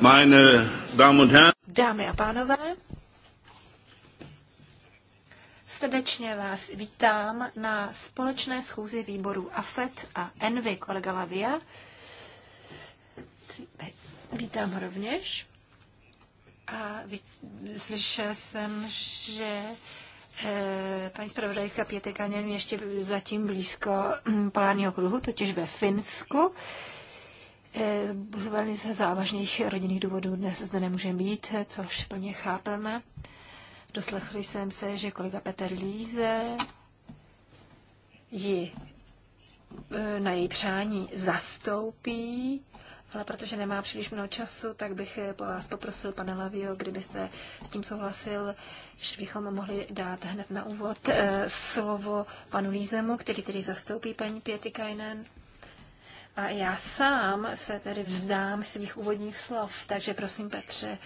Meine Damen und Herren. Dámy a pánové, srdečně vás vítám na společné schůzi výboru AFET a ENVY, kolega Lavia. Vítám ho rovněž. A slyšel jsem, že eh, paní zpravodajka Pětekaněn ještě zatím blízko hm, polárního kruhu, totiž ve Finsku z eh, velice závažných rodinných důvodů dnes zde nemůže být, eh, což plně chápeme. Doslechli jsem se, že kolega Petr Líze ji eh, na její přání zastoupí, ale protože nemá příliš mnoho času, tak bych po vás poprosil, pane Lavio, kdybyste s tím souhlasil, že bychom mohli dát hned na úvod slovo panu Lízemu, který tedy zastoupí paní Pěty Kajnen. A já sám se tedy vzdám svých úvodních slov, takže prosím Petře.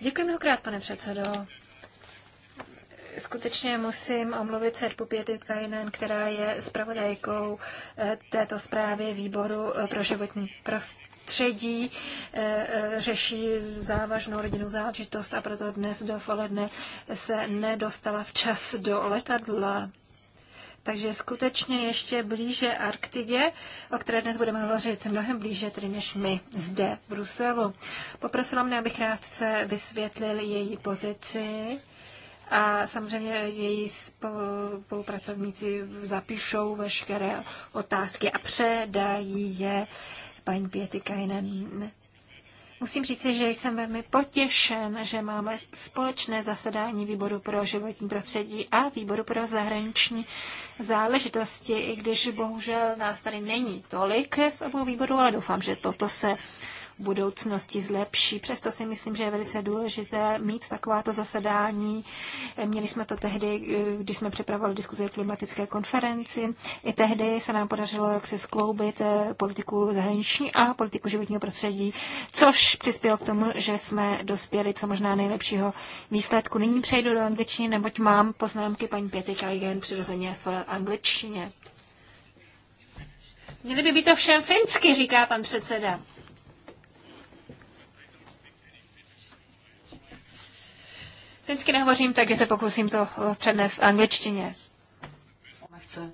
Děkuji mnohokrát, pane předsedo. Skutečně musím omluvit Serpu Pětitkainen, která je zpravodajkou eh, této zprávy výboru eh, pro životní prostředí. Eh, řeší závažnou rodinnou záležitost a proto dnes dopoledne se nedostala včas do letadla. Takže skutečně ještě blíže Arktidě, o které dnes budeme hovořit mnohem blíže, tedy než my zde v Bruselu. Poprosila mě, abych krátce vysvětlil její pozici. A samozřejmě její spolupracovníci zapíšou veškeré otázky a předají je paní Kajnen Musím říct, že jsem velmi potěšen, že máme společné zasedání výboru pro životní prostředí a výboru pro zahraniční záležitosti, i když bohužel nás tady není tolik z obou výborů, ale doufám, že toto se budoucnosti zlepší. Přesto si myslím, že je velice důležité mít takováto zasedání. Měli jsme to tehdy, když jsme připravovali diskuzi o klimatické konferenci. I tehdy se nám podařilo jak se skloubit eh, politiku zahraniční a politiku životního prostředí, což přispělo k tomu, že jsme dospěli co možná nejlepšího výsledku. Nyní přejdu do angličtiny, neboť mám poznámky paní Pěty Kajgen přirozeně v angličtině. Měli by být to všem finsky, říká pan předseda. Vždycky nehovořím, takže se pokusím to eh, přednést v angličtině. Ona chce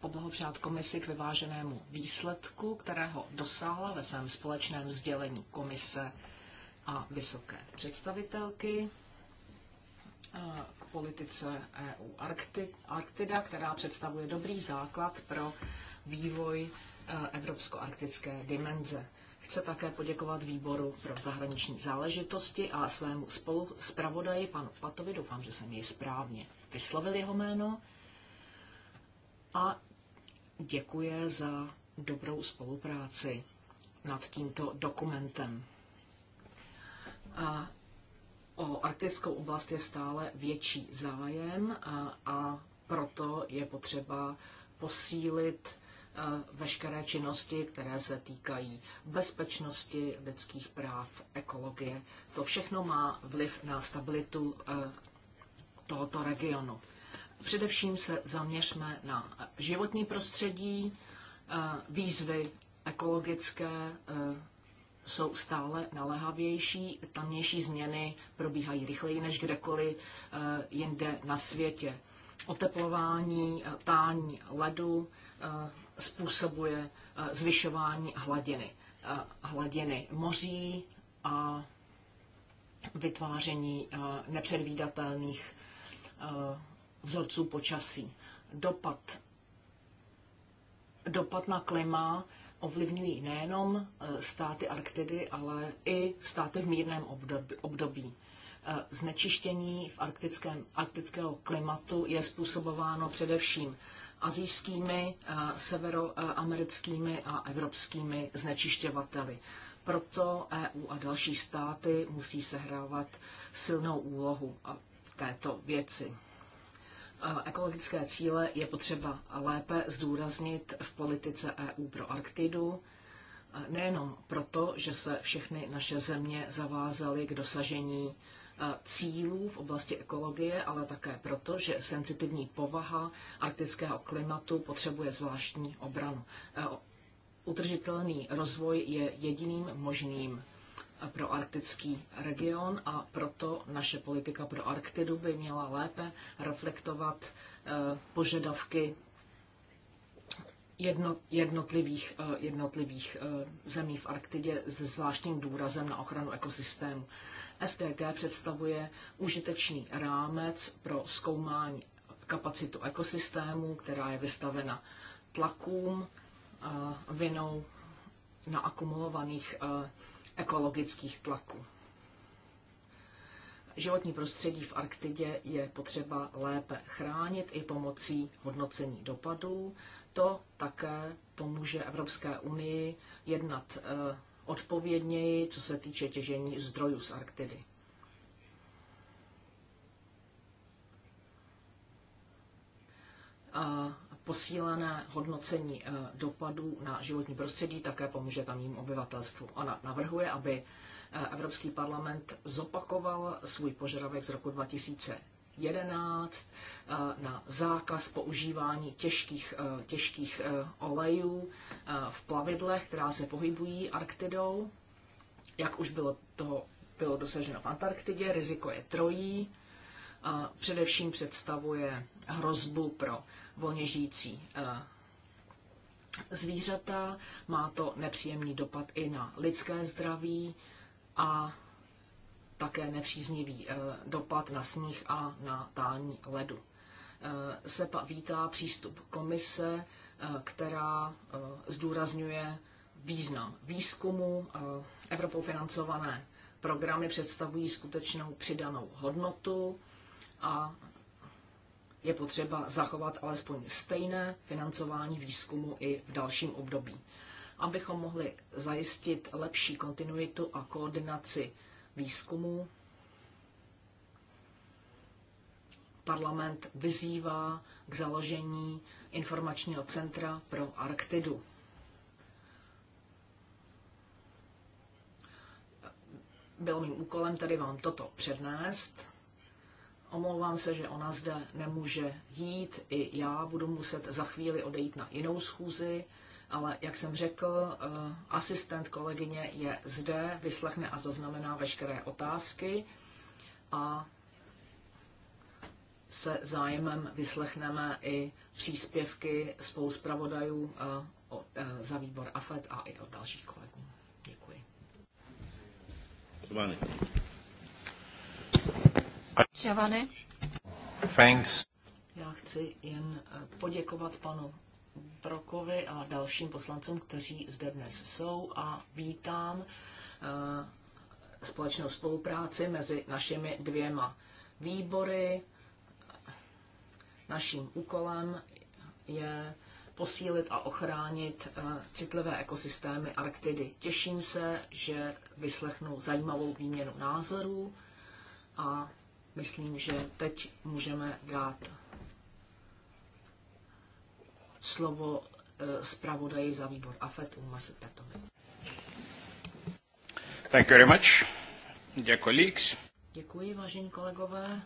poblahopřát komisi k vyváženému výsledku, kterého dosáhla ve svém společném sdělení komise a vysoké představitelky eh, k politice EU Arkti, Arktida, která představuje dobrý základ pro vývoj eh, evropsko-arktické dimenze. Chce také poděkovat výboru pro zahraniční záležitosti a svému spolu zpravodaji panu Patovi, doufám, že jsem jej správně vyslovil jeho jméno, a děkuje za dobrou spolupráci nad tímto dokumentem. A o arktickou oblast je stále větší zájem a, a proto je potřeba posílit Eh, veškeré činnosti, které se týkají bezpečnosti, lidských práv, ekologie. To všechno má vliv na stabilitu eh, tohoto regionu. Především se zaměřme na životní prostředí, eh, výzvy ekologické jsou stále naléhavější, tamnější změny probíhají rychleji než kdekoliv jinde na světě. Oteplování, tání ledu, způsobuje eh, zvyšování hladiny, eh, hladiny moří a vytváření eh, nepředvídatelných vzorců počasí. Dopad, dopad na klima ovlivňují nejenom státy Arktidy, ale i státy v mírném období. Znečištění v arktickém, arktického klimatu je způsobováno především azijskými, eh, severoamerickými a evropskými znečišťovateli. Proto EU a další státy musí sehrávat silnou úlohu eh, v této věci. Eh, ekologické cíle je potřeba lépe zdůraznit v politice EU pro Arktidu, nejenom proto, že se všechny naše země zavázaly k dosažení cílů v oblasti ekologie, ale také proto, že senzitivní povaha arktického klimatu potřebuje zvláštní obranu. E, udržitelný rozvoj je jediným možným pro arktický region a proto naše politika pro Arktidu by měla lépe reflektovat e, požadavky jednotlivých, eh, jednotlivých eh, zemí v Arktidě s zvláštním důrazem na ochranu ekosystému. SDG představuje užitečný rámec pro zkoumání kapacitu ekosystému, která je vystavena tlakům eh, vinou na akumulovaných ekologických tlaků. Životní prostředí v Arktidě je potřeba lépe chránit i pomocí hodnocení dopadů to také pomůže Evropské unii jednat eh, odpovědněji, co se týče těžení zdrojů z Arktidy. A posílené hodnocení eh, dopadů na životní prostředí také pomůže tamním obyvatelstvu. Ona navrhuje, aby eh, Evropský parlament zopakoval svůj požadavek z roku 2000 2011 eh, na zákaz používání těžkých, eh, těžkých eh, olejů v plavidlech, která se pohybují Arktidou. Jak už bylo to bylo dosaženo v Antarktidě, riziko je trojí. Především představuje hrozbu pro volně žijící zvířata, má to nepříjemný dopad i na lidské zdraví a také nepříznivý eh, dopad na sníh a na tání ledu. Eh, SEPA vítá přístup komise, eh, která zdůrazňuje význam výzkumu. Evropou financované programy představují skutečnou přidanou hodnotu a je potřeba zachovat alespoň stejné financování výzkumu i v dalším období. Abychom mohli zajistit lepší kontinuitu a koordinaci výzkumu. Parlament vyzývá k založení informačního centra pro Arktidu. Byl mým úkolem tady vám toto přednést. Omlouvám se, že ona zde nemůže jít, i já budu muset za chvíli odejít na jinou schůzi ale jak jsem řekl, eh, asistent kolegyně je zde, vyslechne a zaznamená veškeré otázky a se zájmem vyslechneme i příspěvky spoluzpravodajů eh, eh, za výbor AFET a i od dalších kolegů. Děkuji. Giovanni. Thanks. Já chci jen poděkovat panu Brokovi a dalším poslancům, kteří zde dnes jsou a vítám eh, společnou spolupráci mezi našimi dvěma výbory. Naším úkolem je posílit a ochránit eh, citlivé ekosystémy Arktidy. Těším se, že vyslechnu zajímavou výměnu názorů a myslím, že teď můžeme dát slovo eh, zpravodaji za výbor AFET Umasi Petovi. Thank you very much. Děkuji, vážení kolegové.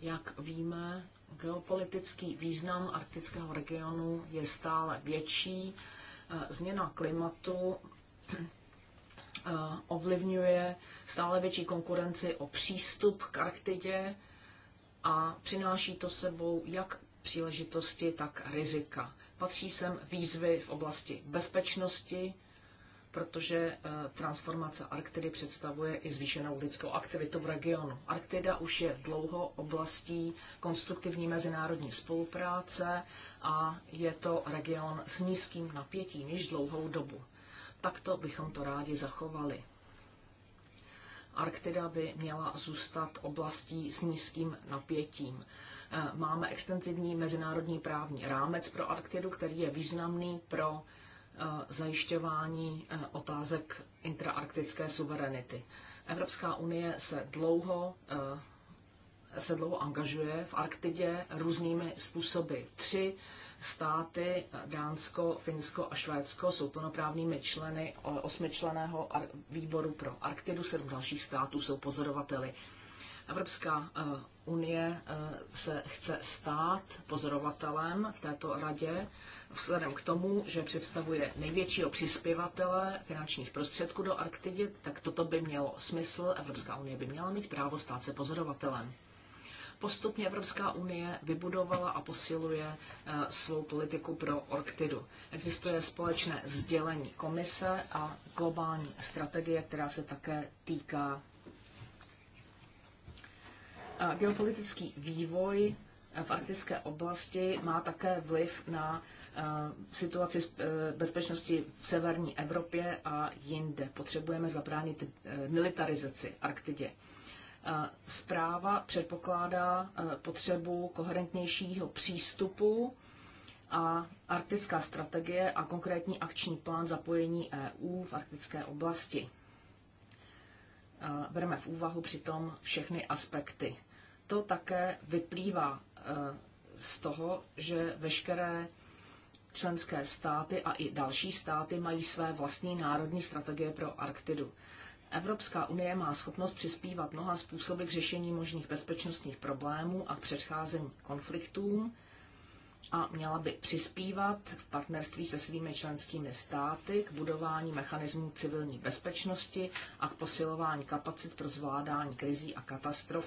Jak víme, geopolitický význam arktického regionu je stále větší. Eh, změna klimatu eh, ovlivňuje stále větší konkurenci o přístup k Arktidě a přináší to sebou jak příležitosti, tak rizika. Patří sem výzvy v oblasti bezpečnosti, protože eh, transformace Arktidy představuje i zvýšenou lidskou aktivitu v regionu. Arktida už je dlouho oblastí konstruktivní mezinárodní spolupráce a je to region s nízkým napětím již dlouhou dobu. Takto bychom to rádi zachovali. Arktida by měla zůstat oblastí s nízkým napětím. Máme extenzivní mezinárodní právní rámec pro Arktidu, který je významný pro eh, zajišťování eh, otázek intraarktické suverenity. Evropská unie se dlouho eh, se dlouho angažuje v Arktidě různými způsoby. Tři státy, Dánsko, Finsko a Švédsko, jsou plnoprávnými členy osmičleného výboru pro Arktidu, sedm dalších států jsou pozorovateli. Evropská eh, unie eh, se chce stát pozorovatelem v této radě vzhledem k tomu, že představuje největšího přispěvatele finančních prostředků do Arktidy, tak toto by mělo smysl. Evropská unie by měla mít právo stát se pozorovatelem. Postupně Evropská unie vybudovala a posiluje eh, svou politiku pro Arktidu. Existuje společné sdělení komise a globální strategie, která se také týká geopolitický vývoj v arktické oblasti má také vliv na eh, situaci eh, bezpečnosti v severní Evropě a jinde. Potřebujeme zabránit eh, militarizaci Arktidě. Zpráva předpokládá potřebu koherentnějšího přístupu a arktická strategie a konkrétní akční plán zapojení EU v arktické oblasti. Bereme v úvahu přitom všechny aspekty to také vyplývá eh, z toho, že veškeré členské státy a i další státy mají své vlastní národní strategie pro Arktidu. Evropská unie má schopnost přispívat mnoha způsoby k řešení možných bezpečnostních problémů a k předcházení konfliktům a měla by přispívat v partnerství se svými členskými státy k budování mechanismů civilní bezpečnosti a k posilování kapacit pro zvládání krizí a katastrof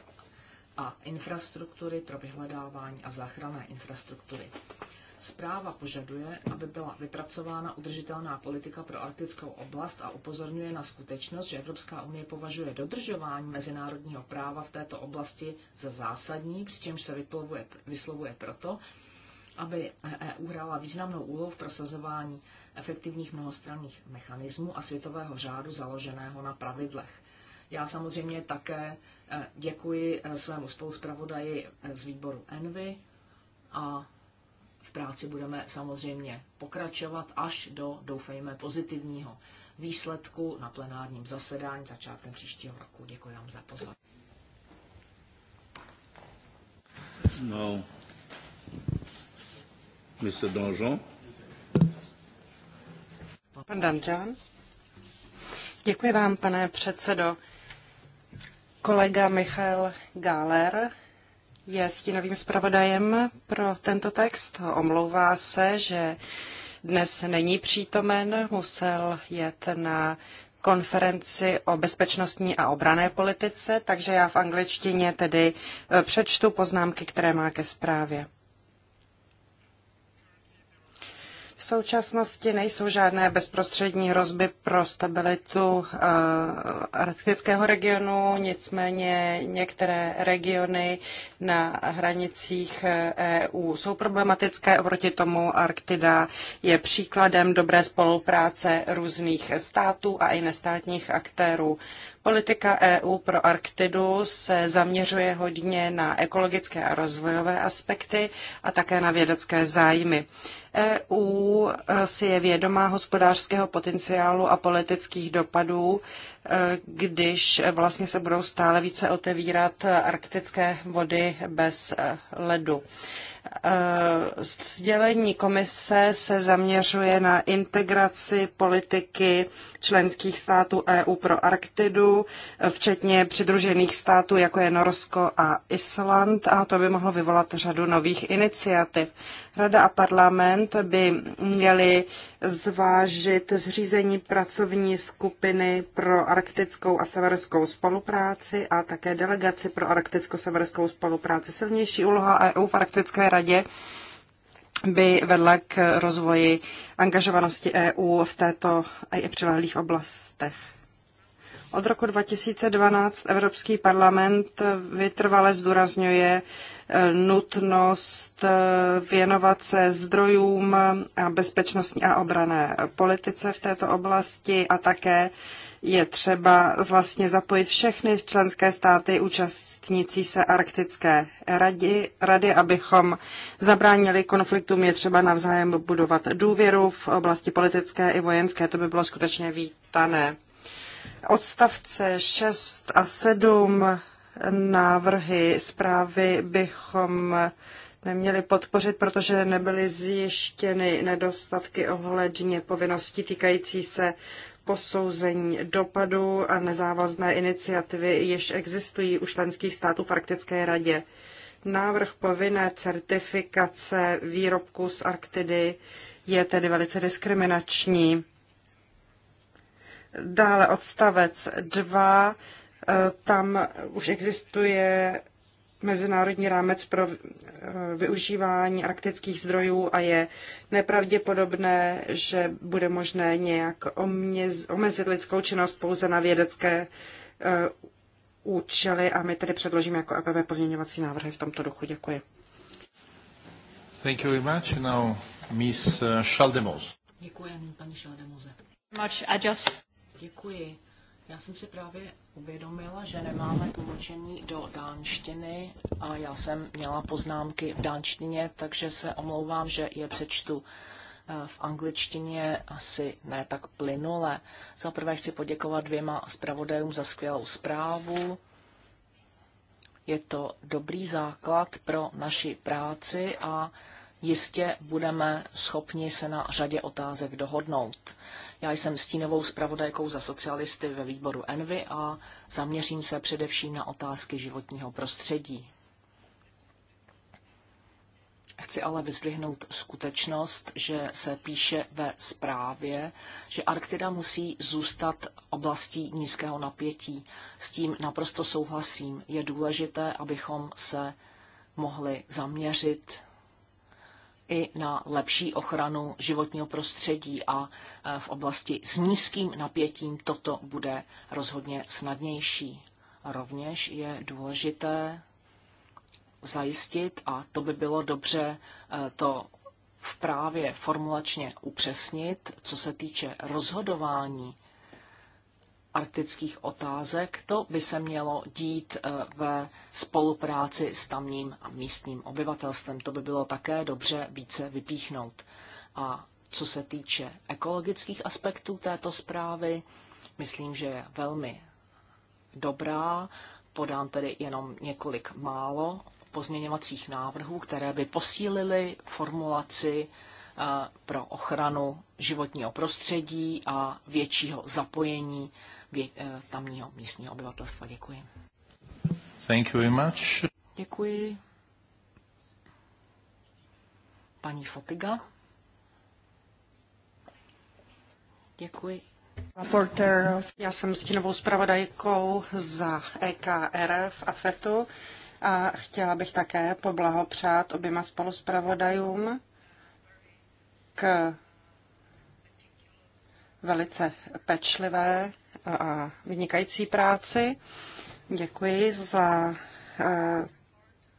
a infrastruktury pro vyhledávání a záchranné infrastruktury. Zpráva požaduje, aby byla vypracována udržitelná politika pro arktickou oblast a upozorňuje na skutečnost, že Evropská unie považuje dodržování mezinárodního práva v této oblasti za zásadní, přičemž se vyplovuje, vyslovuje proto, aby EU hrála významnou úlohu v prosazování efektivních mnohostranných mechanismů a světového řádu založeného na pravidlech. Já samozřejmě také eh, děkuji eh, svému spoluzpravodaji eh, z výboru Envy a v práci budeme samozřejmě pokračovat až do, doufejme, pozitivního výsledku na plenárním zasedání začátkem příštího roku. Děkuji vám za pozornost. No. Mr. Donjon. Pan Danjan. Děkuji vám, pane předsedo. Kolega Michal Gáler je stínovým zpravodajem pro tento text. Omlouvá se, že dnes není přítomen, musel jet na konferenci o bezpečnostní a obrané politice, takže já v angličtině tedy eh, přečtu poznámky, které má ke zprávě. V současnosti nejsou žádné bezprostřední hrozby pro stabilitu eh, arktického regionu, nicméně některé regiony na hranicích EU eh, e jsou problematické. Oproti tomu Arktida je příkladem dobré spolupráce různých států a i nestátních aktérů. Politika EU pro Arktidu se zaměřuje hodně na ekologické a rozvojové aspekty a také na vědecké zájmy. EU e, si je vědomá hospodářského potenciálu a politických dopadů, e, když vlastně se budou stále více otevírat arktické vody bez e, ledu. Eh, sdělení komise se zaměřuje na integraci politiky členských států EU pro Arktidu, včetně přidružených států, jako je Norsko a Island, a to by mohlo vyvolat řadu nových iniciativ. Rada a parlament by měli zvážit zřízení pracovní skupiny pro arktickou a severskou spolupráci a také delegaci pro arkticko-severskou spolupráci. Silnější úloha EU v Arktické radě by vedla k rozvoji angažovanosti EU v této a i přilehlých oblastech. Od roku 2012 Evropský parlament vytrvale zdůrazňuje eh, nutnost eh, věnovat se zdrojům a bezpečnostní a obrané politice v této oblasti a také je třeba vlastně zapojit všechny členské státy účastnící se Arktické rady, rady, abychom zabránili konfliktům. Je třeba navzájem budovat důvěru v oblasti politické i vojenské. To by bylo skutečně vítané. Odstavce 6 a 7 návrhy zprávy bychom neměli podpořit, protože nebyly zjištěny nedostatky ohledně povinnosti týkající se posouzení dopadů a nezávazné iniciativy jež existují u členských států v Arktické radě. Návrh povinné certifikace výrobků z Arktidy je tedy velice diskriminační. Dále odstavec 2, eh, tam už existuje mezinárodní rámec pro eh, využívání arktických zdrojů a je nepravděpodobné, že bude možné nějak omezit lidskou činnost pouze na vědecké eh, účely a my tedy předložíme jako APV e pozměňovací návrhy v tomto duchu. Děkuji. Thank you very much. Now, Miss Schaldemose. Děkuji, paní Schaldemose. Much. I just Děkuji. Já jsem si právě uvědomila, že nemáme tlumočení do dánštiny a já jsem měla poznámky v dánštině, takže se omlouvám, že je přečtu eh, v angličtině asi ne tak plynule. Za prvé chci poděkovat dvěma zpravodajům za skvělou zprávu. Je to dobrý základ pro naši práci a jistě budeme schopni se na řadě otázek dohodnout. Já jsem stínovou zpravodajkou za socialisty ve výboru Envy a zaměřím se především na otázky životního prostředí. Chci ale vyzdvihnout skutečnost, že se píše ve zprávě, že Arktida musí zůstat oblastí nízkého napětí. S tím naprosto souhlasím. Je důležité, abychom se mohli zaměřit i na lepší ochranu životního prostředí a e, v oblasti s nízkým napětím toto bude rozhodně snadnější. Rovněž je důležité zajistit, a to by bylo dobře e, to v právě formulačně upřesnit, co se týče rozhodování arktických otázek. To by se mělo dít eh, ve spolupráci s tamním a místním obyvatelstvem. To by bylo také dobře více vypíchnout. A co se týče ekologických aspektů této zprávy, myslím, že je velmi dobrá. Podám tedy jenom několik málo pozměňovacích návrhů, které by posílily formulaci eh, pro ochranu životního prostředí a většího zapojení Eh, tamního místního obyvatelstva. Děkuji. Thank you very much. Děkuji. Paní Fotiga. Děkuji. Reporter. Já jsem stínovou zpravodajkou za EKRF a AFETu a chtěla bych také poblahopřát oběma spoluspravodajům k velice pečlivé vynikající práci. Děkuji za e,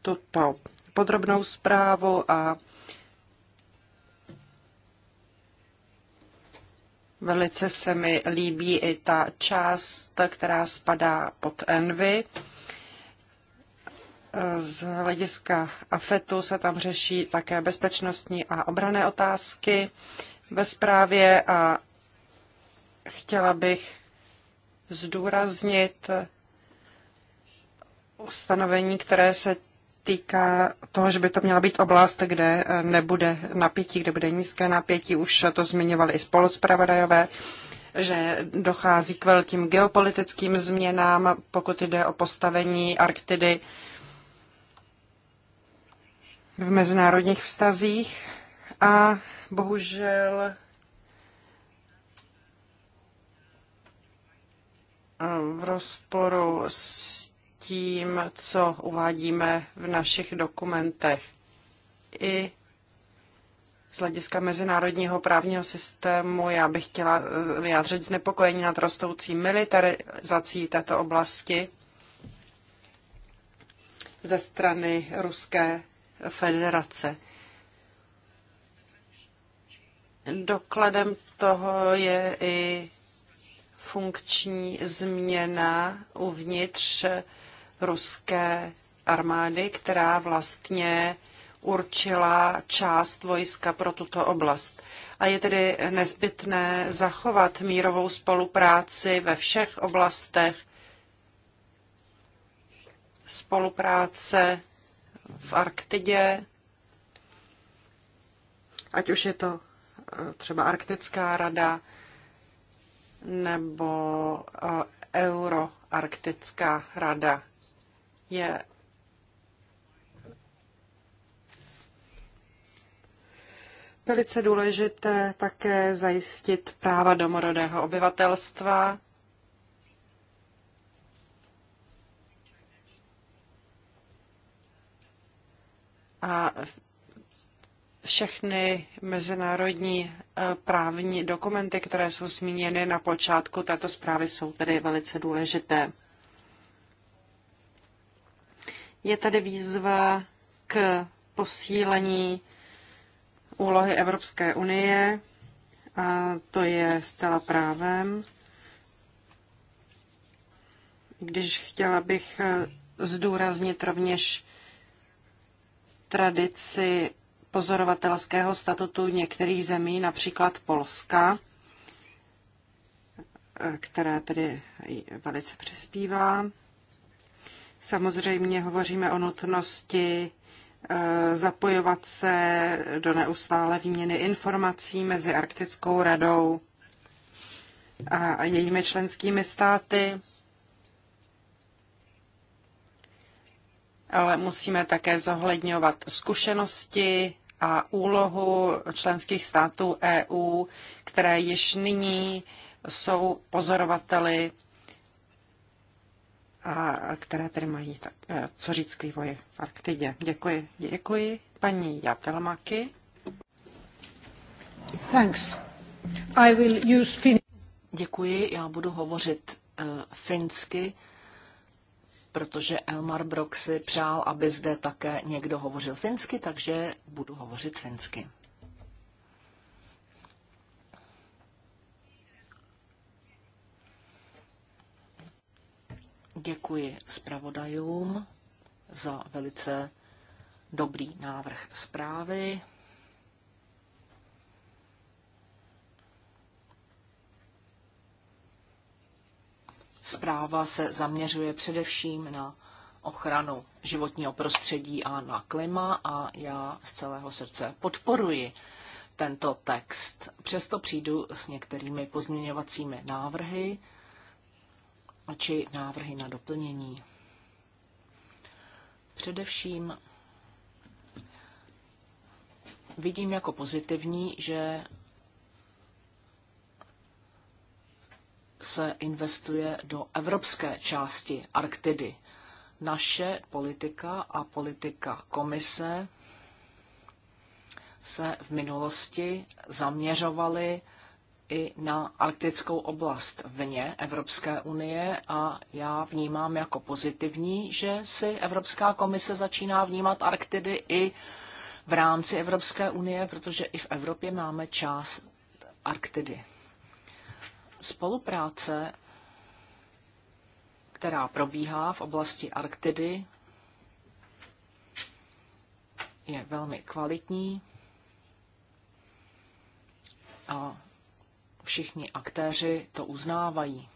tuto podrobnou zprávu a Velice se mi líbí i ta část, která spadá pod Envy. Z hlediska AFETu se tam řeší také bezpečnostní a obrané otázky ve zprávě a chtěla bych zdůraznit ustanovení, které se týká toho, že by to měla být oblast, kde eh, nebude napětí, kde bude nízké napětí. Už to zmiňovali i spoluzpravodajové, že dochází k velkým geopolitickým změnám, pokud jde o postavení Arktidy v mezinárodních vztazích. A bohužel v rozporu s tím, co uvádíme v našich dokumentech. I z hlediska mezinárodního právního systému já bych chtěla eh, vyjádřit znepokojení nad rostoucí militarizací této oblasti ze strany Ruské federace. Dokladem toho je i funkční změna uvnitř ruské armády, která vlastně určila část vojska pro tuto oblast. A je tedy nezbytné zachovat mírovou spolupráci ve všech oblastech spolupráce v Arktidě, ať už je to eh, třeba Arktická rada, nebo eh, Euroarktická rada je velice důležité také zajistit práva domorodého obyvatelstva. A všechny mezinárodní eh, právní dokumenty, které jsou zmíněny na počátku této zprávy, jsou tedy velice důležité. Je tady výzva k posílení úlohy Evropské unie, a to je zcela právem. Když chtěla bych eh, zdůraznit rovněž tradici pozorovatelského statutu některých zemí, například Polska, která tedy velice přispívá. Samozřejmě hovoříme o nutnosti eh, zapojovat se do neustále výměny informací mezi Arktickou radou a jejími členskými státy. Ale musíme také zohledňovat zkušenosti a úlohu členských států EU, které již nyní jsou pozorovateli a které tedy mají tak, eh, co říct k vývoji v Arktidě. Děkuji. Děkuji paní Jatelmaky. Thanks. I will use fin- Děkuji, já budu hovořit uh, finsky protože Elmar Brok si přál, aby zde také někdo hovořil finsky, takže budu hovořit finsky. Děkuji zpravodajům za velice dobrý návrh zprávy. Zpráva se zaměřuje především na ochranu životního prostředí a na klima a já z celého srdce podporuji tento text. Přesto přijdu s některými pozměňovacími návrhy či návrhy na doplnění. Především vidím jako pozitivní, že se investuje do evropské části Arktidy. Naše politika a politika komise se v minulosti zaměřovaly i na arktickou oblast vně Evropské unie a já vnímám jako pozitivní, že si Evropská komise začíná vnímat Arktidy i v rámci Evropské unie, protože i v Evropě máme část Arktidy. Spolupráce, která probíhá v oblasti Arktidy, je velmi kvalitní a všichni aktéři to uznávají.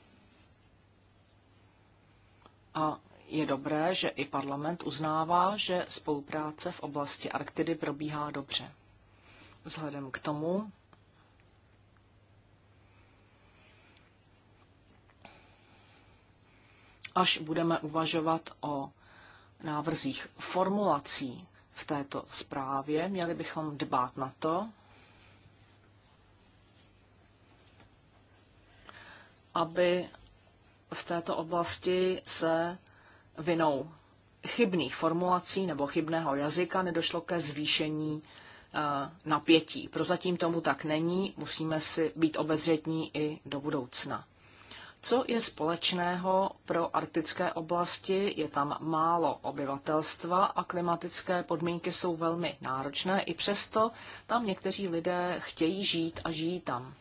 A je dobré, že i parlament uznává, že spolupráce v oblasti Arktidy probíhá dobře. Vzhledem k tomu až budeme uvažovat o návrzích formulací v této zprávě. Měli bychom dbát na to, aby v této oblasti se vinou chybných formulací nebo chybného jazyka nedošlo ke zvýšení eh, napětí. Prozatím tomu tak není, musíme si být obezřetní i do budoucna. Co je společného pro arktické oblasti? Je tam málo obyvatelstva a klimatické podmínky jsou velmi náročné. I přesto tam někteří lidé chtějí žít a žijí tam.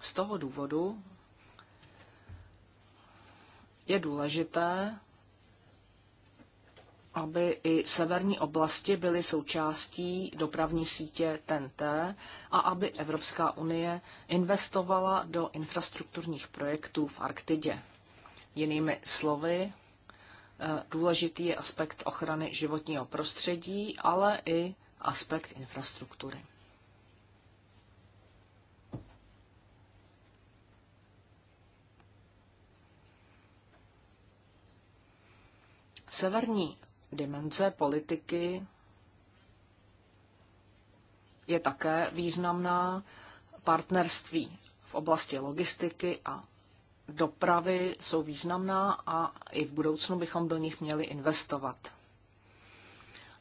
Z toho důvodu je důležité aby i severní oblasti byly součástí dopravní sítě TNT a aby Evropská unie investovala do infrastrukturních projektů v Arktidě. Jinými slovy, eh, důležitý je aspekt ochrany životního prostředí, ale i aspekt infrastruktury. Severní dimenze politiky je také významná. Partnerství v oblasti logistiky a dopravy jsou významná a i v budoucnu bychom do nich měli investovat.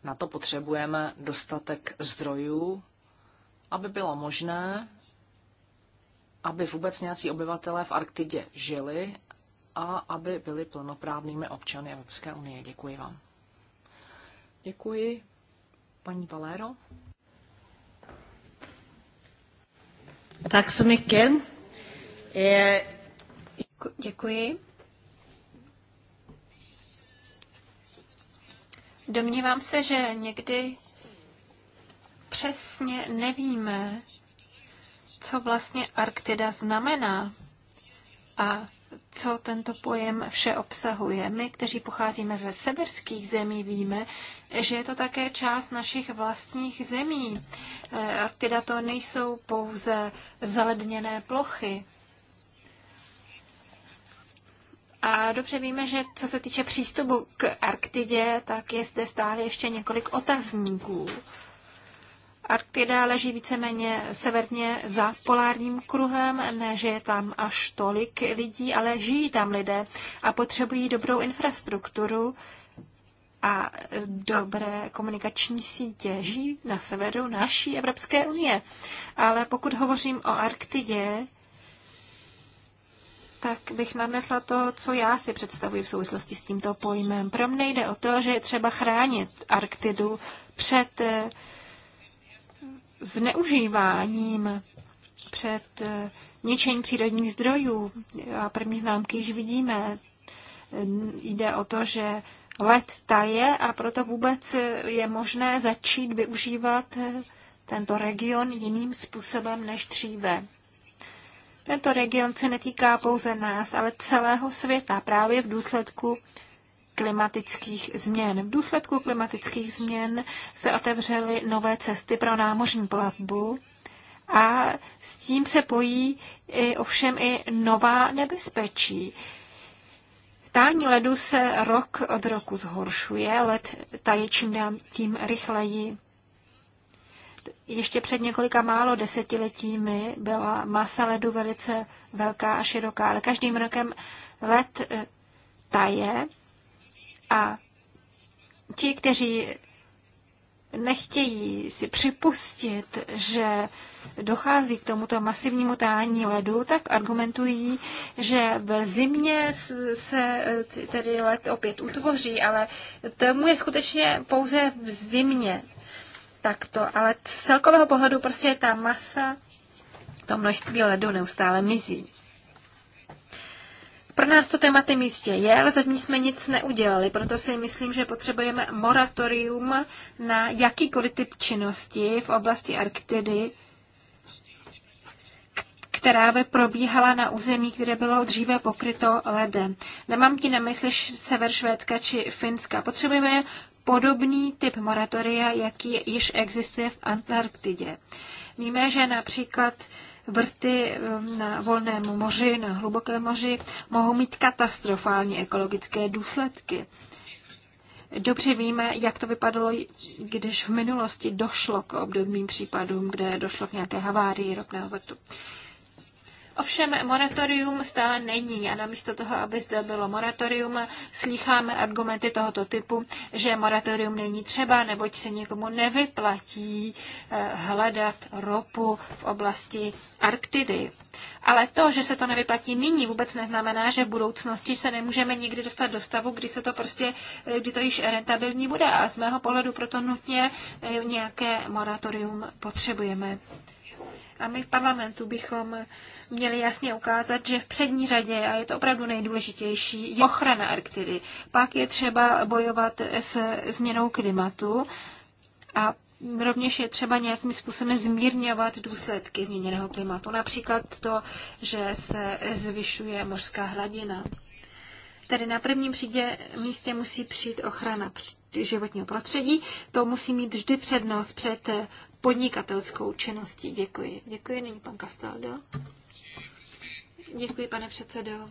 Na to potřebujeme dostatek zdrojů, aby bylo možné, aby vůbec nějací obyvatelé v Arktidě žili a aby byli plnoprávnými občany Evropské unie. Děkuji vám. Děkuji. Paní Valero. Tak så Je... Děkuji. Domnívám se, že někdy přesně nevíme, co vlastně Arktida znamená. A co tento pojem vše obsahuje. My, kteří pocházíme ze severských zemí, víme, že je to také část našich vlastních zemí. Eh, Arktida to nejsou pouze zaledněné plochy. A dobře víme, že co se týče přístupu k Arktidě, tak je zde stále ještě několik otazníků. Arktida leží víceméně severně za polárním kruhem, ne, že je tam až tolik lidí, ale žijí tam lidé a potřebují dobrou infrastrukturu a dobré komunikační sítě. Žijí na severu naší Evropské unie. Ale pokud hovořím o Arktidě, tak bych nadnesla to, co já si představuji v souvislosti s tímto pojmem. Pro mě jde o to, že je třeba chránit Arktidu před eh, zneužíváním, před eh, ničením přírodních zdrojů. A první známky již vidíme. Jde o to, že led taje a proto vůbec je možné začít využívat eh, tento region jiným způsobem než dříve. Tento region se netýká pouze nás, ale celého světa právě v důsledku klimatických změn. V důsledku klimatických změn se otevřely nové cesty pro námořní plavbu a s tím se pojí i, ovšem i nová nebezpečí. Tání ledu se rok od roku zhoršuje, led taje čím dál tím rychleji. Ještě před několika málo desetiletími byla masa ledu velice velká a široká, ale každým rokem led eh, taje a ti, kteří nechtějí si připustit, že dochází k tomuto masivnímu tání ledu, tak argumentují, že v zimě se eh, tedy led opět utvoří, ale tomu je skutečně pouze v zimě takto. Ale z celkového pohledu prostě ta masa, to množství ledu neustále mizí. Pro nás to téma místě je, ale zatím jsme nic neudělali, proto si myslím, že potřebujeme moratorium na jakýkoliv typ činnosti v oblasti Arktidy, která by probíhala na území, které bylo dříve pokryto ledem. Nemám ti na mysli sever Švédska či Finska. Potřebujeme podobný typ moratoria, jaký již existuje v Antarktidě. Víme, že například vrty na volném moři, na hlubokém moři, mohou mít katastrofální ekologické důsledky. Dobře víme, jak to vypadalo, když v minulosti došlo k obdobným případům, kde došlo k nějaké havárii ropného vrtu. Ovšem moratorium stále není a namísto toho, aby zde bylo moratorium, slýcháme argumenty tohoto typu, že moratorium není třeba, neboť se někomu nevyplatí eh, hledat ropu v oblasti Arktidy. Ale to, že se to nevyplatí nyní, vůbec neznamená, že v budoucnosti se nemůžeme nikdy dostat do stavu, kdy se to prostě, eh, kdy to již rentabilní bude. A z mého pohledu proto nutně eh, nějaké moratorium potřebujeme. A my v parlamentu bychom měli jasně ukázat, že v přední řadě, a je to opravdu nejdůležitější, je ochrana Arktidy. Pak je třeba bojovat s změnou klimatu a Rovněž je třeba nějakým způsobem zmírňovat důsledky změněného klimatu, například to, že se zvyšuje mořská hladina. Tedy na prvním přídě, místě musí přijít ochrana životního prostředí. To musí mít vždy přednost před eh, podnikatelskou činností. Děkuji. Děkuji. není pan Castaldo. Děkuji, pane předsedo.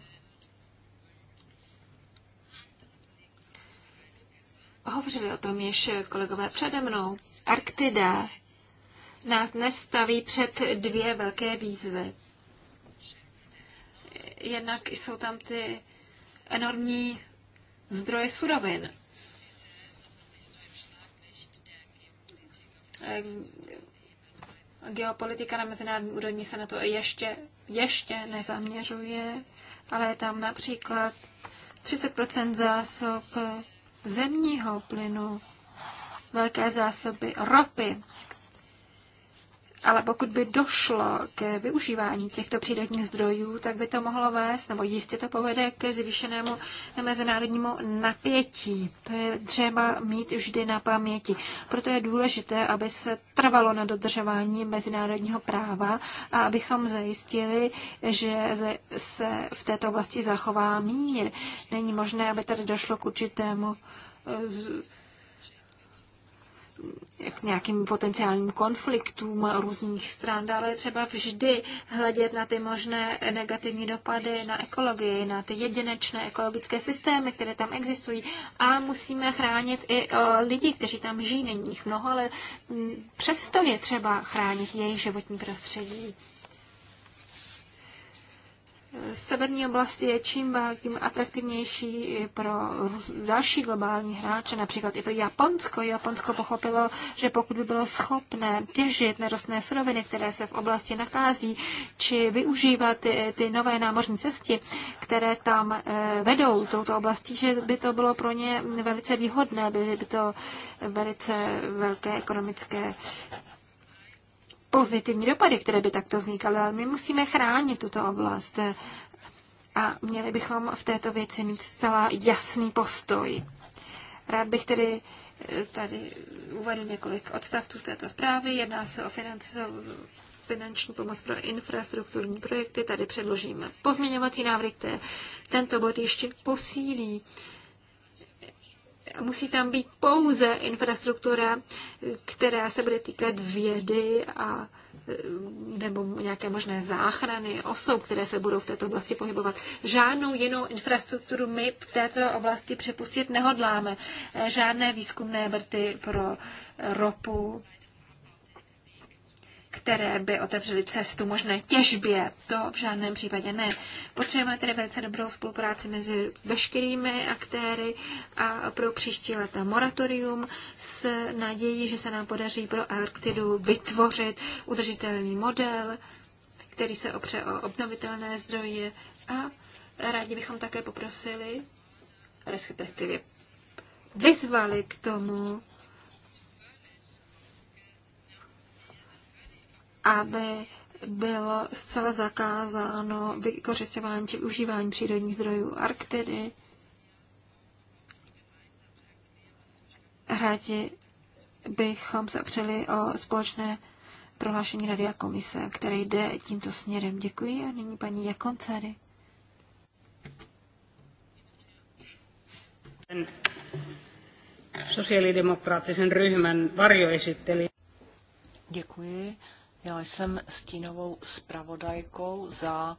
Hovořili o tom již kolegové přede mnou. Arktida nás dnes staví před dvě velké výzvy. Jednak jsou tam ty enormní zdroje surovin. Eh, geopolitika na mezinárodní úrovni se na to ještě, ještě nezaměřuje, ale je tam například 30 zásob zemního plynu, velké zásoby ropy ale pokud by došlo k využívání těchto přírodních zdrojů, tak by to mohlo vést, nebo jistě to povede ke zvýšenému mezinárodnímu napětí. To je třeba mít vždy na paměti. Proto je důležité, aby se trvalo na dodržování mezinárodního práva a abychom zajistili, že se v této oblasti zachová mír. Není možné, aby tady došlo k určitému eh, k nějakým potenciálním konfliktům různých stran, ale třeba vždy hledět na ty možné negativní dopady na ekologii, na ty jedinečné ekologické systémy, které tam existují a musíme chránit i lidi, kteří tam žijí, není jich mnoho, ale přesto je třeba chránit jejich životní prostředí severní oblast je čím dál tím atraktivnější pro další globální hráče, například i pro Japonsko. Japonsko pochopilo, že pokud by bylo schopné těžit nerostné suroviny, které se v oblasti nachází, či využívat ty, eh, ty nové námořní cesty, které tam eh, vedou touto oblastí, že by to bylo pro ně velice výhodné, byly by to velice velké ekonomické pozitivní dopady, které by takto vznikaly, ale my musíme chránit tuto oblast a měli bychom v této věci mít zcela jasný postoj. Rád bych tedy eh, tady uvedl několik odstavců z této zprávy. Jedná se o finanční pomoc pro infrastrukturní projekty. Tady předložíme pozměňovací návrh které tento bod ještě posílí musí tam být pouze infrastruktura, která se bude týkat vědy a nebo nějaké možné záchrany osob, které se budou v této oblasti pohybovat. Žádnou jinou infrastrukturu my v této oblasti přepustit nehodláme. Žádné výzkumné vrty pro ropu, které by otevřely cestu možné těžbě. To v žádném případě ne. Potřebujeme tedy velice dobrou spolupráci mezi veškerými aktéry a pro příští leta moratorium s nadějí, že se nám podaří pro Arktidu vytvořit udržitelný model, který se opře o obnovitelné zdroje a rádi bychom také poprosili, respektive vyzvali k tomu aby bylo zcela zakázáno vykořišťování či užívání přírodních zdrojů Arktidy. Rádi bychom se opřeli o společné prohlášení Rady a komise, které jde tímto směrem. Děkuji a nyní paní Jakoncary. Sosiaalidemokraattisen ryhmän varjoesitteli. Děkuji. Já jsem stínovou spravodajkou za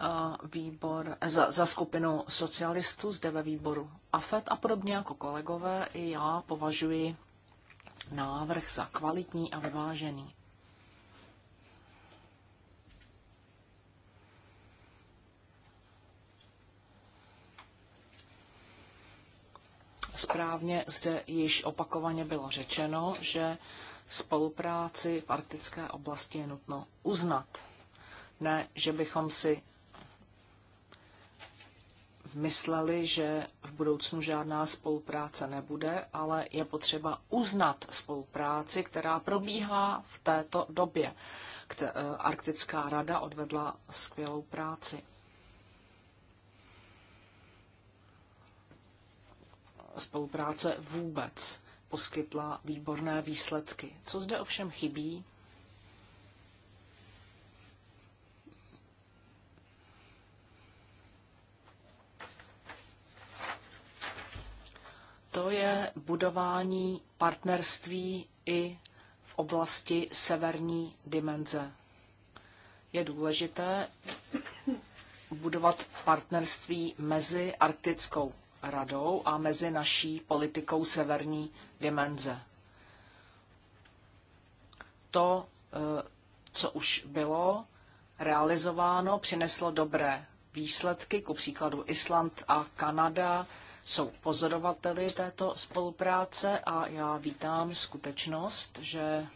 eh, výbor, za, za skupinu socialistů zde ve výboru AFET a podobně jako kolegové i já považuji návrh za kvalitní a vyvážený. Správně zde již opakovaně bylo řečeno, že spolupráci v arktické oblasti je nutno uznat. Ne, že bychom si mysleli, že v budoucnu žádná spolupráce nebude, ale je potřeba uznat spolupráci, která probíhá v této době. Eh, Arktická rada odvedla skvělou práci. Spolupráce vůbec poskytla výborné výsledky. Co zde ovšem chybí, to je budování partnerství i v oblasti severní dimenze. Je důležité budovat partnerství mezi arktickou radou a mezi naší politikou severní dimenze. To, eh, co už bylo realizováno, přineslo dobré výsledky, ku příkladu Island a Kanada jsou pozorovateli této spolupráce a já vítám skutečnost, že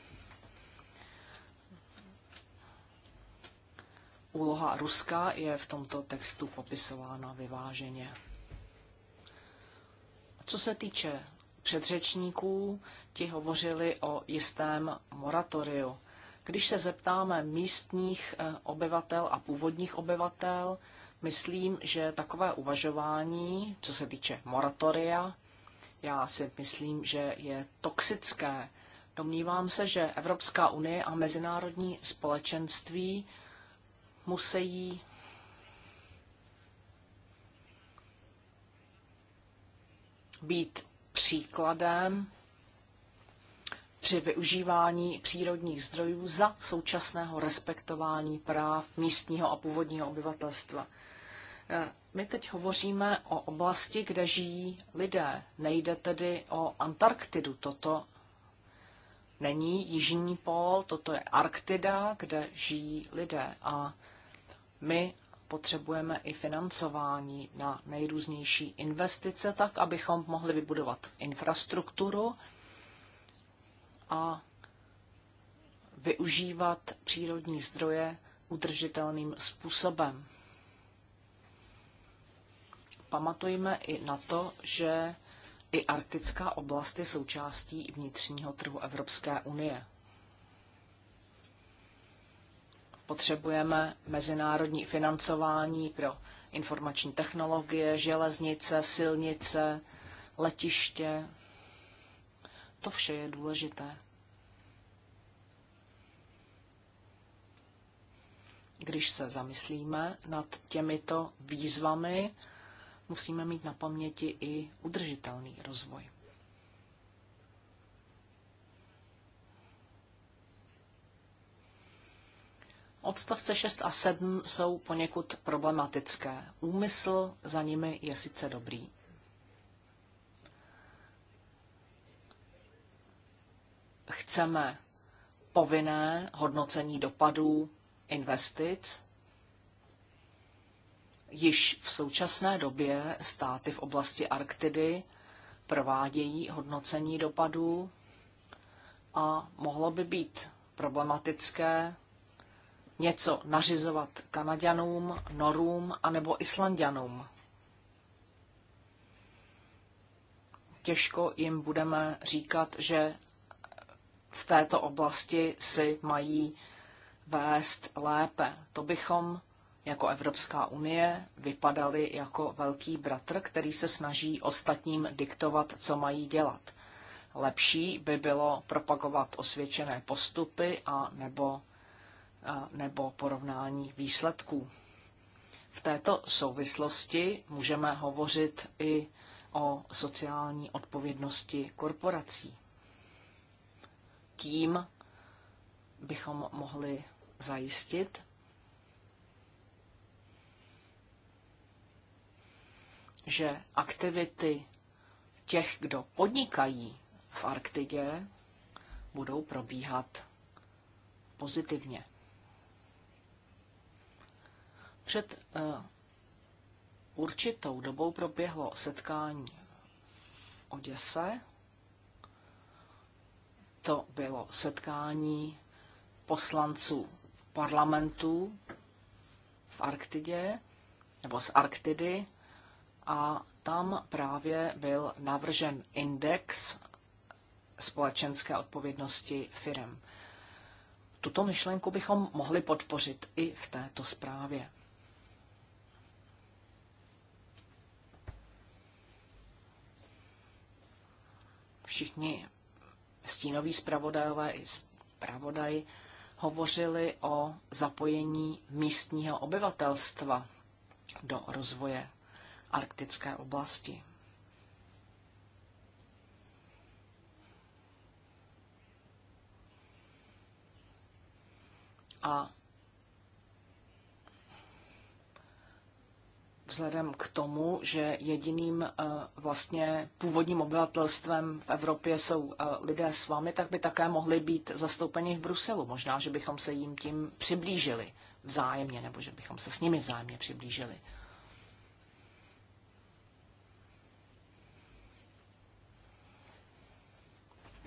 úloha Ruska je v tomto textu popisována vyváženě. Co se týče předřečníků, ti hovořili o jistém moratoriu. Když se zeptáme místních eh, obyvatel a původních obyvatel, myslím, že takové uvažování, co se týče moratoria, já si myslím, že je toxické. Domnívám se, že Evropská unie a mezinárodní společenství musí být příkladem při využívání přírodních zdrojů za současného respektování práv místního a původního obyvatelstva. Eh, my teď hovoříme o oblasti, kde žijí lidé. Nejde tedy o Antarktidu. Toto není Jižní pól, toto je Arktida, kde žijí lidé. A my potřebujeme i financování na nejrůznější investice, tak abychom mohli vybudovat infrastrukturu a využívat přírodní zdroje udržitelným způsobem. Pamatujme i na to, že i arktická oblast je součástí vnitřního trhu Evropské unie. Potřebujeme mezinárodní financování pro informační technologie, železnice, silnice, letiště. To vše je důležité. Když se zamyslíme nad těmito výzvami, musíme mít na paměti i udržitelný rozvoj. Odstavce 6 a 7 jsou poněkud problematické. Úmysl za nimi je sice dobrý. Chceme povinné hodnocení dopadů investic. Již v současné době státy v oblasti Arktidy provádějí hodnocení dopadů a mohlo by být problematické něco nařizovat Kanaďanům, Norům anebo Islandianům. Těžko jim budeme říkat, že v této oblasti si mají vést lépe. To bychom jako Evropská unie vypadali jako velký bratr, který se snaží ostatním diktovat, co mají dělat. Lepší by bylo propagovat osvědčené postupy a nebo nebo porovnání výsledků. V této souvislosti můžeme hovořit i o sociální odpovědnosti korporací. Tím bychom mohli zajistit, že aktivity těch, kdo podnikají v Arktidě, budou probíhat pozitivně. Před eh, určitou dobou proběhlo setkání v Oděse. To bylo setkání poslanců parlamentů v Arktidě nebo z Arktidy a tam právě byl navržen index společenské odpovědnosti firm. Tuto myšlenku bychom mohli podpořit i v této zprávě. všichni stínoví zpravodajové i zpravodaj hovořili o zapojení místního obyvatelstva do rozvoje arktické oblasti. A vzhledem k tomu, že jediným eh, vlastně původním obyvatelstvem v Evropě jsou eh, lidé s vámi, tak by také mohli být zastoupeni v Bruselu. Možná, že bychom se jim tím přiblížili vzájemně, nebo že bychom se s nimi vzájemně přiblížili.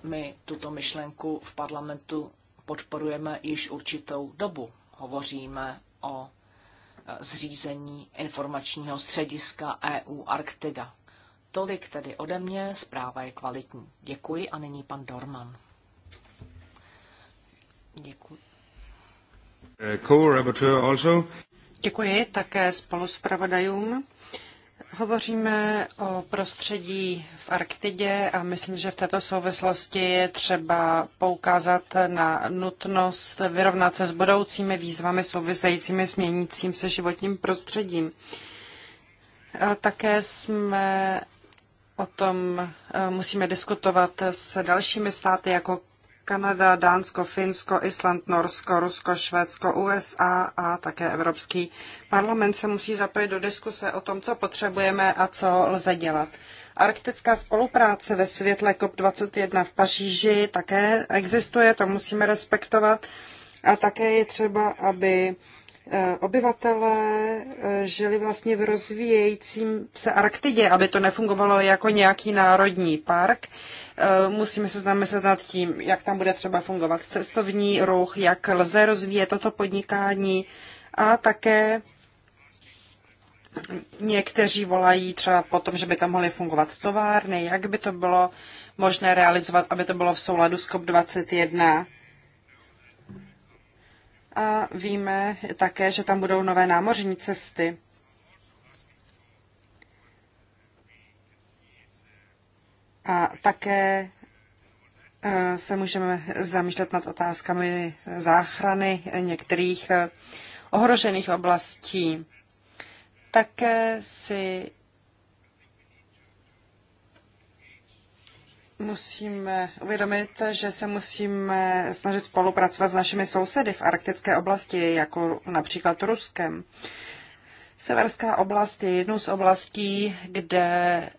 My tuto myšlenku v parlamentu podporujeme již určitou dobu. Hovoříme o zřízení informačního střediska EU Arktida. Tolik tedy ode mě, zpráva je kvalitní. Děkuji a nyní pan Dorman. Děkuji. Eh, co také also. s také Hovoříme o prostředí v Arktidě a myslím, že v této souvislosti je třeba poukázat na nutnost vyrovnat se s budoucími výzvami souvisejícími s měnícím se životním prostředím. Také jsme o tom e, musíme diskutovat s dalšími státy, jako Kanada, Dánsko, Finsko, Island, Norsko, Rusko, Švédsko, USA a také Evropský parlament se musí zapojit do diskuse o tom, co potřebujeme a co lze dělat. Arktická spolupráce ve světle COP21 v Paříži také existuje, to musíme respektovat. A také je třeba, aby Eh, obyvatelé eh, žili vlastně v rozvíjejícím se Arktidě, aby to nefungovalo jako nějaký národní park. Eh, musíme se zamyslet nad tím, jak tam bude třeba fungovat cestovní ruch, jak lze rozvíjet toto podnikání a také Někteří volají třeba potom, že by tam mohly fungovat továrny, jak by to bylo možné realizovat, aby to bylo v souladu s COP21 a víme také, že tam budou nové námořní cesty. A také eh, se můžeme zamýšlet nad otázkami záchrany některých eh, ohrožených oblastí. Také si musíme uvědomit, že se musíme snažit spolupracovat s našimi sousedy v arktické oblasti, jako například Ruskem. Severská oblast je jednou z oblastí, kde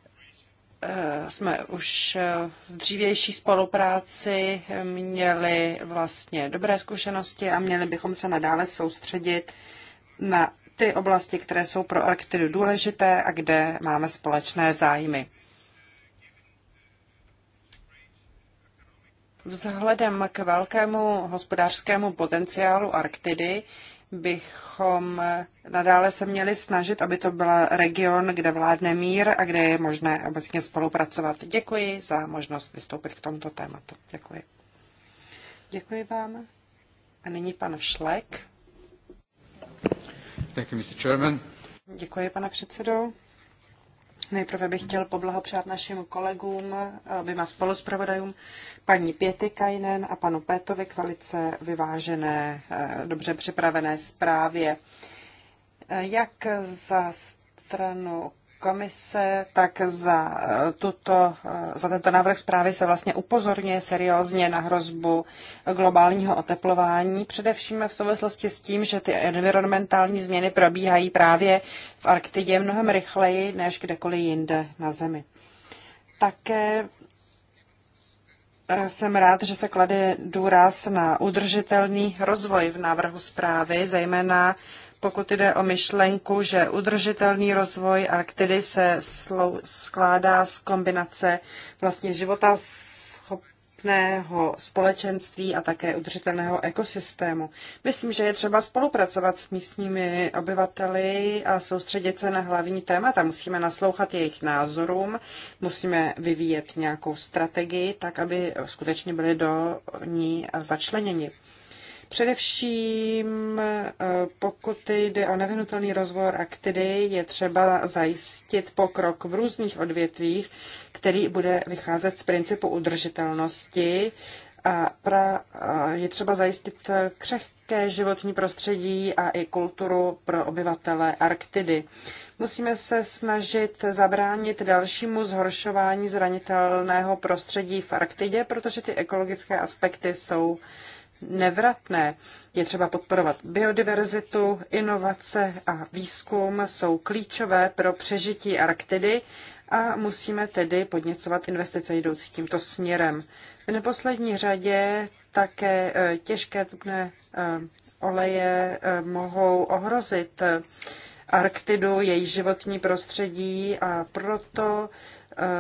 eh, jsme už eh, v dřívější spolupráci měli vlastně dobré zkušenosti a měli bychom se nadále soustředit na ty oblasti, které jsou pro Arktidu důležité a kde máme společné zájmy. Vzhledem k velkému hospodářskému potenciálu Arktidy bychom nadále se měli snažit, aby to byl region, kde vládne mír a kde je možné obecně spolupracovat. Děkuji za možnost vystoupit k tomuto tématu. Děkuji. Děkuji vám. A nyní pan Šlek. Mr. Chairman. Děkuji, pane předsedo. Nejprve bych chtěl poblahopřát našim kolegům, oběma spoluzpravodajům, paní Pěty Kajnen a panu Pétovi k velice vyvážené, eh, dobře připravené zprávě. Eh, jak za stranu komise, tak za, eh, tuto, eh, za tento návrh zprávy se vlastně upozorňuje seriózně na hrozbu globálního oteplování, především v souvislosti s tím, že ty environmentální změny probíhají právě v Arktidě mnohem rychleji než kdekoliv jinde na Zemi. Také eh, jsem rád, že se klade důraz na udržitelný rozvoj v návrhu zprávy, zejména pokud jde o myšlenku, že udržitelný rozvoj který se slou, skládá z kombinace vlastně života schopného společenství a také udržitelného ekosystému. Myslím, že je třeba spolupracovat s místními obyvateli a soustředit se na hlavní témata. Musíme naslouchat jejich názorům, musíme vyvíjet nějakou strategii, tak aby skutečně byli do ní začleněni. Především, eh, pokud jde o nevyhnutelný rozvoj aktidy, je třeba zajistit pokrok v různých odvětvích, který bude vycházet z principu udržitelnosti. A pra, je třeba zajistit křehké životní prostředí a i kulturu pro obyvatele Arktidy. Musíme se snažit zabránit dalšímu zhoršování zranitelného prostředí v Arktidě, protože ty ekologické aspekty jsou nevratné. Je třeba podporovat biodiverzitu, inovace a výzkum jsou klíčové pro přežití Arktidy a musíme tedy podněcovat investice jdoucí tímto směrem. V neposlední řadě také eh, těžké tupné eh, oleje eh, mohou ohrozit Arktidu, její životní prostředí a proto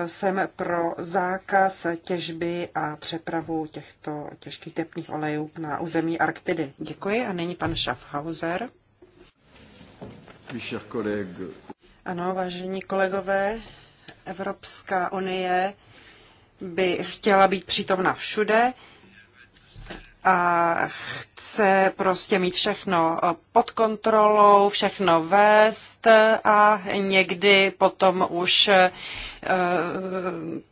jsem pro zákaz těžby a přepravu těchto těžkých tepných olejů na území Arktidy. Děkuji a nyní pan Schaffhauser. Ano, vážení kolegové, Evropská unie by chtěla být přítomna všude a chce prostě mít všechno eh, pod kontrolou, všechno vést a někdy potom už eh,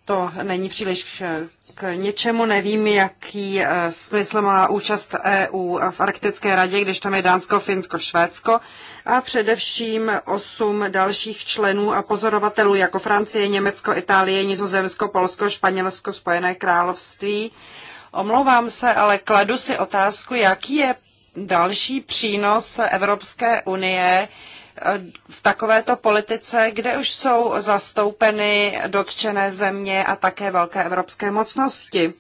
to není příliš eh, k něčemu. Nevím, jaký smysl má účast EU v Arktické radě, když tam je Dánsko, Finsko, Švédsko a především osm dalších členů a pozorovatelů jako Francie, Německo, Itálie, Nizozemsko, Polsko, Španělsko, Spojené království Omlouvám se, ale kladu si otázku, jaký je další přínos Evropské unie eh, v takovéto politice, kde už jsou zastoupeny dotčené země a také velké evropské mocnosti.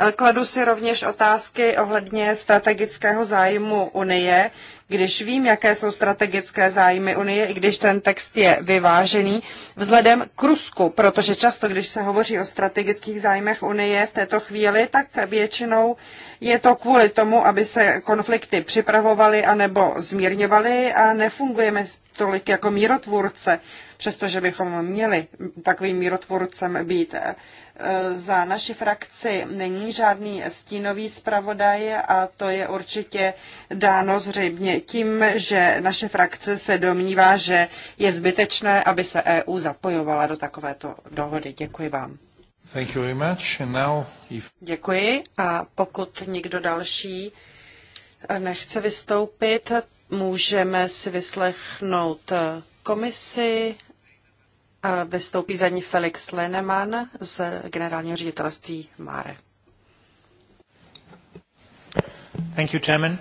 Eh, kladu si rovněž otázky ohledně strategického zájmu Unie. Když vím, jaké jsou strategické zájmy Unie, i když ten text je vyvážený, vzhledem k Rusku, protože často, když se hovoří o strategických zájmech Unie v této chvíli, tak většinou je to kvůli tomu, aby se konflikty připravovaly anebo zmírňovaly a nefungujeme tolik jako mírotvůrce přestože bychom měli takovým mírotvorcem být. Eh, za naši frakci není žádný stínový zpravodaj a to je určitě dáno zřejmě tím, že naše frakce se domnívá, že je zbytečné, aby se EU zapojovala do takovéto dohody. Děkuji vám. Thank you very much. And now if... Děkuji a pokud někdo další nechce vystoupit, můžeme si vyslechnout komisi vystoupí za ní Felix Lenemann z generálního ředitelství Mare. Thank you, Chairman.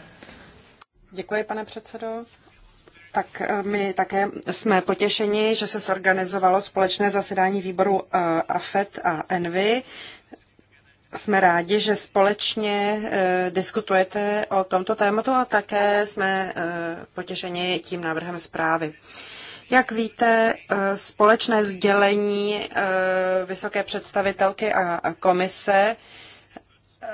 Děkuji, pane předsedo. Tak eh, my také jsme potěšeni, že se zorganizovalo společné zasedání výboru eh, AFET a ENVY. Jsme rádi, že společně eh, diskutujete o tomto tématu a také jsme potěšeni tím návrhem zprávy. Jak víte, eh, společné sdělení eh, vysoké představitelky a komise eh,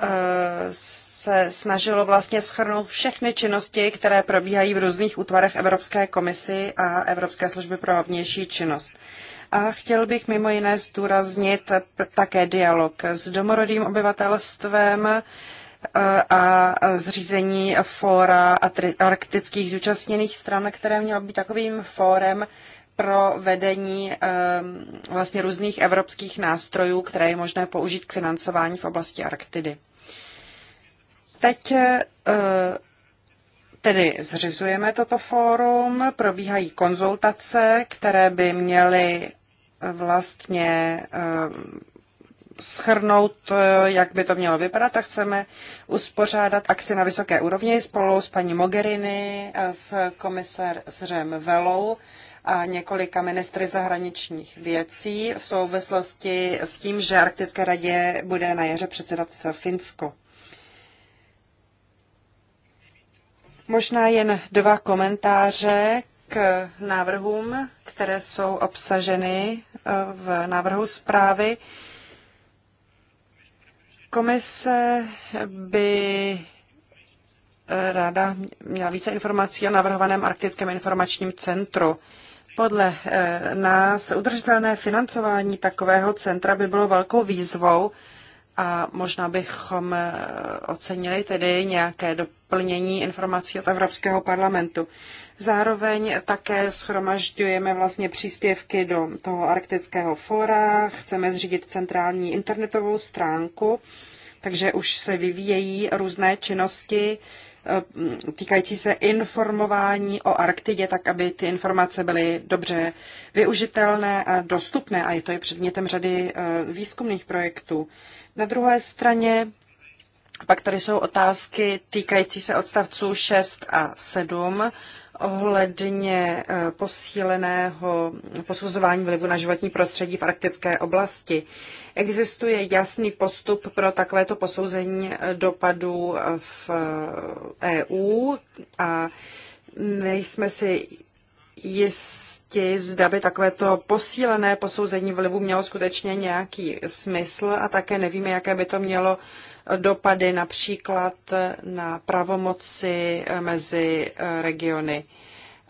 se snažilo vlastně schrnout všechny činnosti, které probíhají v různých útvarech Evropské komisy a Evropské služby pro vnější činnost. A chtěl bych mimo jiné zdůraznit také dialog s domorodým obyvatelstvem, a zřízení fóra arktických zúčastněných stran, které mělo být takovým fórem pro vedení vlastně různých evropských nástrojů, které je možné použít k financování v oblasti Arktidy. Teď eh, tedy zřizujeme toto fórum, probíhají konzultace, které by měly vlastně schrnout, eh, jak by to mělo vypadat a chceme uspořádat akci na vysoké úrovni spolu s paní Mogherini, s komisařem Velou a několika ministry zahraničních věcí v souvislosti s tím, že Arktické radě bude na jaře předsedat Finsko. Možná jen dva komentáře k návrhům, které jsou obsaženy eh, v návrhu zprávy. Komise by eh, ráda měla více informací o navrhovaném arktickém informačním centru. Podle eh, nás udržitelné financování takového centra by bylo velkou výzvou, a možná bychom eh, ocenili tedy nějaké doplnění informací od Evropského parlamentu. Zároveň také schromažďujeme vlastně příspěvky do toho arktického fóra, chceme zřídit centrální internetovou stránku, takže už se vyvíjejí různé činnosti eh, týkající se informování o Arktidě, tak aby ty informace byly dobře využitelné a dostupné. A je to je předmětem řady eh, výzkumných projektů. Na druhé straně pak tady jsou otázky týkající se odstavců 6 a 7 ohledně eh, posíleného posuzování vlivu na životní prostředí v arktické oblasti. Existuje jasný postup pro takovéto posouzení eh, dopadů eh, v EU e a nejsme si jistí, oblasti, zda by takovéto posílené posouzení vlivu mělo skutečně nějaký smysl a také nevíme, jaké by to mělo dopady například na pravomoci eh, mezi eh, regiony.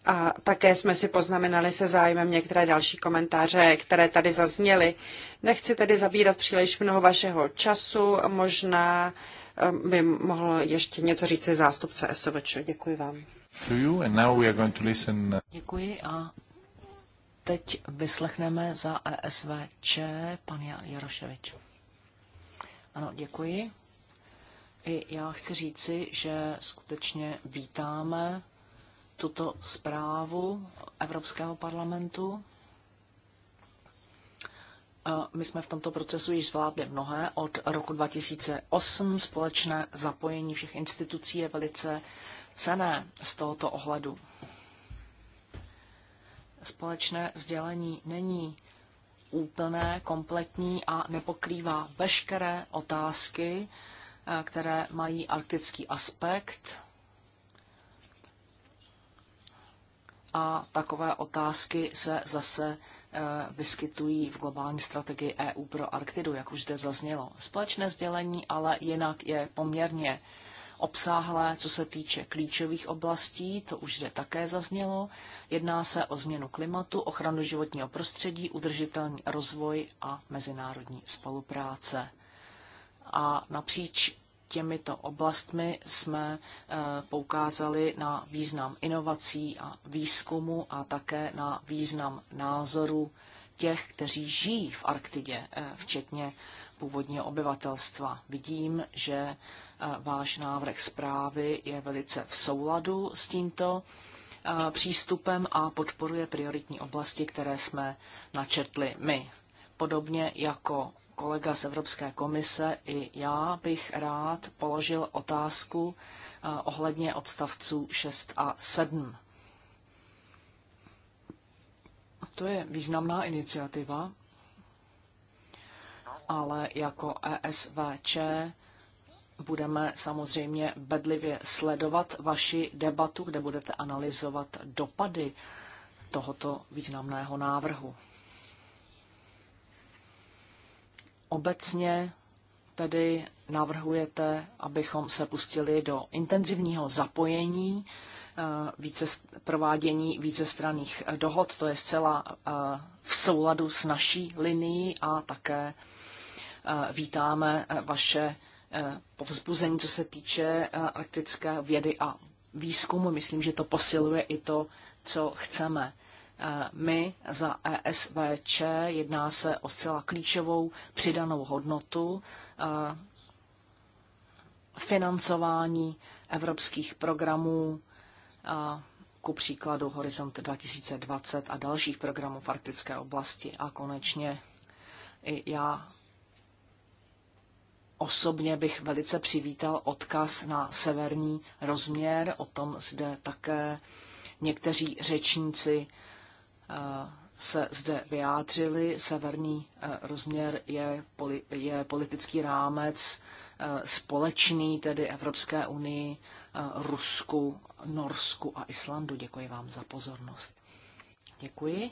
A také jsme si poznamenali se zájmem některé další komentáře, které tady zazněly. Nechci tedy zabírat příliš mnoho vašeho času, možná eh, by mohl ještě něco říct zástupce SVČ. Děkuji vám. Děkuji a teď vyslechneme za ESVČ pan Jaroševič. Ano, děkuji. I já chci říci, že skutečně vítáme tuto zprávu Evropského parlamentu. My jsme v tomto procesu již zvládli mnohé. Od roku 2008 společné zapojení všech institucí je velice cené z tohoto ohledu společné sdělení není úplné, kompletní a nepokrývá veškeré otázky, eh, které mají arktický aspekt. A takové otázky se zase eh, vyskytují v globální strategii EU pro Arktidu, jak už zde zaznělo. Společné sdělení ale jinak je poměrně obsáhlé, co se týče klíčových oblastí, to už zde také zaznělo. Jedná se o změnu klimatu, ochranu životního prostředí, udržitelný rozvoj a mezinárodní spolupráce. A napříč těmito oblastmi jsme eh, poukázali na význam inovací a výzkumu a také na význam názoru těch, kteří žijí v Arktidě, eh, včetně původního obyvatelstva. Vidím, že eh, váš návrh zprávy je velice v souladu s tímto eh, přístupem a podporuje prioritní oblasti, které jsme načetli my. Podobně jako kolega z Evropské komise, i já bych rád položil otázku eh, ohledně odstavců 6 a 7. To je významná iniciativa, ale jako ESVČ budeme samozřejmě bedlivě sledovat vaši debatu, kde budete analyzovat dopady tohoto významného návrhu. Obecně tedy navrhujete, abychom se pustili do intenzivního zapojení eh, více, provádění vícestranných dohod. To je zcela eh, v souladu s naší linií a také Eh, vítáme eh, vaše eh, povzbuzení, co se týče arktické vědy a výzkumu. Myslím, že to posiluje i to, co chceme. My za ESVČ jedná se o zcela klíčovou přidanou hodnotu financování evropských programů, ku příkladu Horizont 2020 a dalších programů v arktické oblasti. A konečně i já Osobně bych velice přivítal odkaz na severní rozměr, o tom zde také někteří řečníci eh, se zde vyjádřili. Severní eh, rozměr je, poli, je politický rámec eh, společný, tedy Evropské unii, Rusku, Norsku a Islandu. Děkuji vám za pozornost. Děkuji.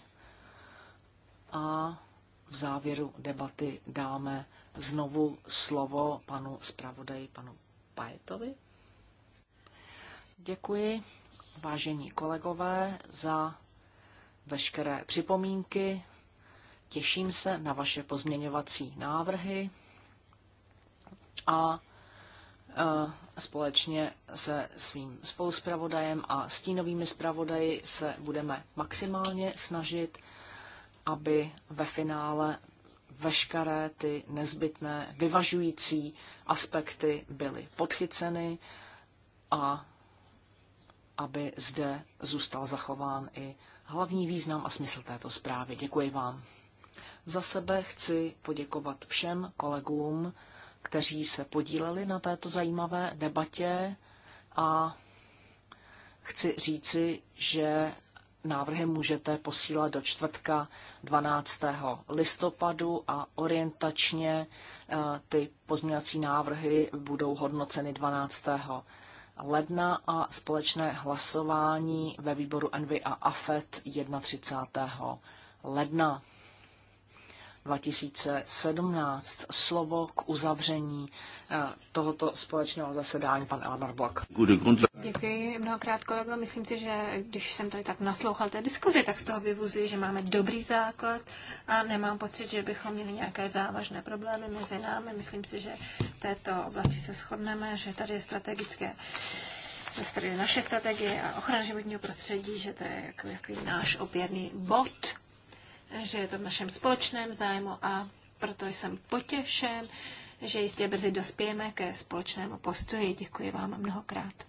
A v závěru debaty dáme znovu slovo panu zpravodaji, panu Pajetovi. Děkuji, vážení kolegové, za veškeré připomínky. Těším se na vaše pozměňovací návrhy a e, společně se svým spoluspravodajem a stínovými zpravodaji se budeme maximálně snažit, aby ve finále veškeré ty nezbytné vyvažující aspekty byly podchyceny a aby zde zůstal zachován i hlavní význam a smysl této zprávy. Děkuji vám. Za sebe chci poděkovat všem kolegům, kteří se podíleli na této zajímavé debatě a chci říci, že Návrhy můžete posílat do čtvrtka 12. listopadu a orientačně eh, ty pozměňovací návrhy budou hodnoceny 12. ledna a společné hlasování ve výboru Envy a AFET 31. ledna. 2017. Slovo k uzavření eh, tohoto společného zasedání, pan Elmar Blok. Děkuji mnohokrát, kolego. Myslím si, že když jsem tady tak naslouchal té diskuzi, tak z toho vyvozuji, že máme dobrý základ a nemám pocit, že bychom měli nějaké závažné problémy mezi námi. Myslím si, že v této oblasti se shodneme, že tady je strategické naše strategie a ochrana životního prostředí, že to je jako, jako náš opěrný bod že je to v našem společném zájmu a proto jsem potěšen, že jistě brzy dospějeme ke společnému postoji. Děkuji vám mnohokrát.